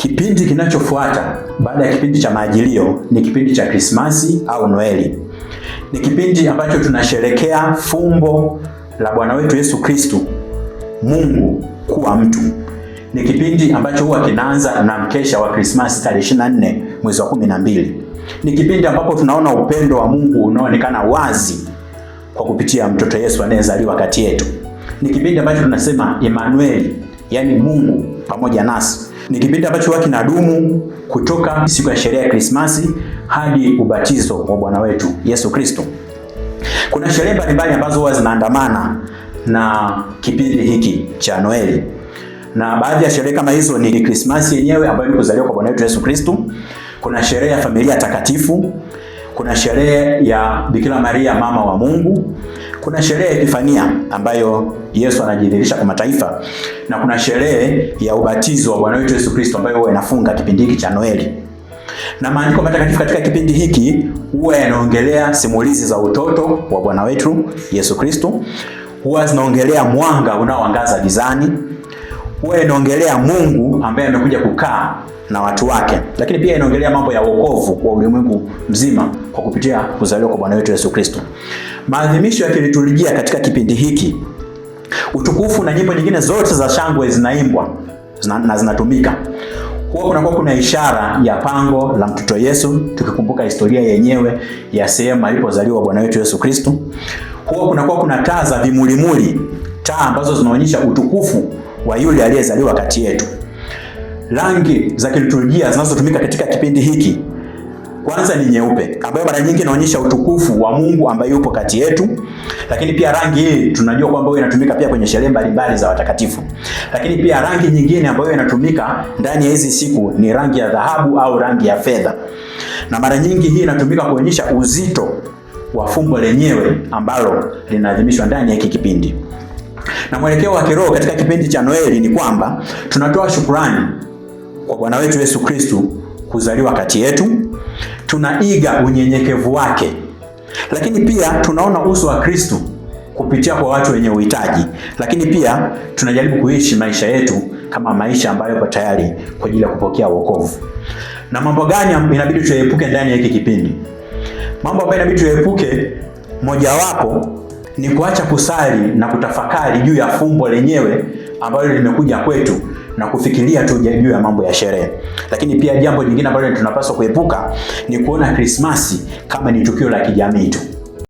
Kipindi kinachofuata baada ya kipindi cha Majilio ni kipindi cha Krismasi au Noeli. Ni kipindi ambacho tunasherekea fumbo la Bwana wetu Yesu Kristu, Mungu kuwa mtu. Ni kipindi ambacho huwa kinaanza na mkesha wa Krismasi tarehe 24 mwezi wa 12. Ni kipindi ambapo tunaona upendo wa Mungu unaoonekana wazi kwa kupitia mtoto Yesu anayezaliwa kati yetu. Ni kipindi ambacho tunasema Emanueli, yaani Mungu pamoja nasi. Ni kipindi ambacho huwa nadumu kutoka siku ya sherehe ya Krismasi hadi ubatizo wa Bwana wetu Yesu Kristo. Kuna sherehe mbalimbali ambazo huwa zinaandamana na kipindi hiki cha Noeli, na baadhi ya sherehe kama hizo ni Krismasi yenyewe ambayo ni kuzaliwa kwa Bwana wetu Yesu Kristo. Kuna sherehe ya familia takatifu, kuna sherehe ya Bikira Maria mama wa Mungu, kuna sherehe ya Epifania ambayo Yesu anajidhihirisha kwa mataifa na kuna sherehe ya ubatizo wa Bwana wetu Yesu Kristo ambayo huwa inafunga kipindi hiki cha Noeli, na maandiko matakatifu katika kipindi hiki huwa yanaongelea simulizi za utoto wa Bwana wetu Yesu Kristo, huwa zinaongelea mwanga unaoangaza gizani wewe inaongelea Mungu ambaye amekuja kukaa na watu wake, lakini pia inaongelea mambo ya wokovu kwa ulimwengu mzima kwa kupitia kuzaliwa kwa Bwana wetu Yesu Kristo. Maadhimisho ya kiliturujia katika kipindi hiki, utukufu na nyimbo nyingine zote za shangwe zinaimbwa zina, na zinatumika huwa kunakuwa kuna ishara ya pango la mtoto Yesu, tukikumbuka historia yenyewe ya sehemu alipozaliwa Bwana wetu Yesu Kristo. Huwa kunakuwa kuna taa za vimulimuli, taa ambazo zinaonyesha utukufu wa yule aliyezaliwa kati yetu. Rangi za kiliturujia zinazotumika katika kipindi hiki kwanza ni nyeupe ambayo mara nyingi inaonyesha utukufu wa Mungu ambaye yupo kati yetu, lakini pia rangi hii tunajua kwamba inatumika pia kwenye sherehe mbalimbali za watakatifu. Lakini pia rangi nyingine ambayo inatumika ndani ya hizi siku ni rangi ya dhahabu au rangi ya fedha, na mara nyingi hii inatumika kuonyesha uzito wa fumbo lenyewe ambalo linaadhimishwa ndani ya hiki kipindi na mwelekeo wa kiroho katika kipindi cha Noeli ni kwamba tunatoa shukurani kwa Bwana wetu Yesu kristu kuzaliwa kati yetu, tunaiga unyenyekevu wake, lakini pia tunaona uso wa kristu kupitia kwa watu wenye uhitaji, lakini pia tunajaribu kuishi maisha yetu kama maisha ambayo yapo tayari kwa ajili ya kupokea wokovu. Na mambo gani inabidi tuepuke ndani ya hiki kipindi? Mambo ambayo inabidi tuepuke, mojawapo ni kuacha kusali na kutafakari juu ya fumbo lenyewe ambalo limekuja kwetu na kufikiria tu juu ya mambo ya sherehe. Lakini pia jambo jingine ambalo tunapaswa kuepuka ni kuona Krismasi kama ni tukio la kijamii tu.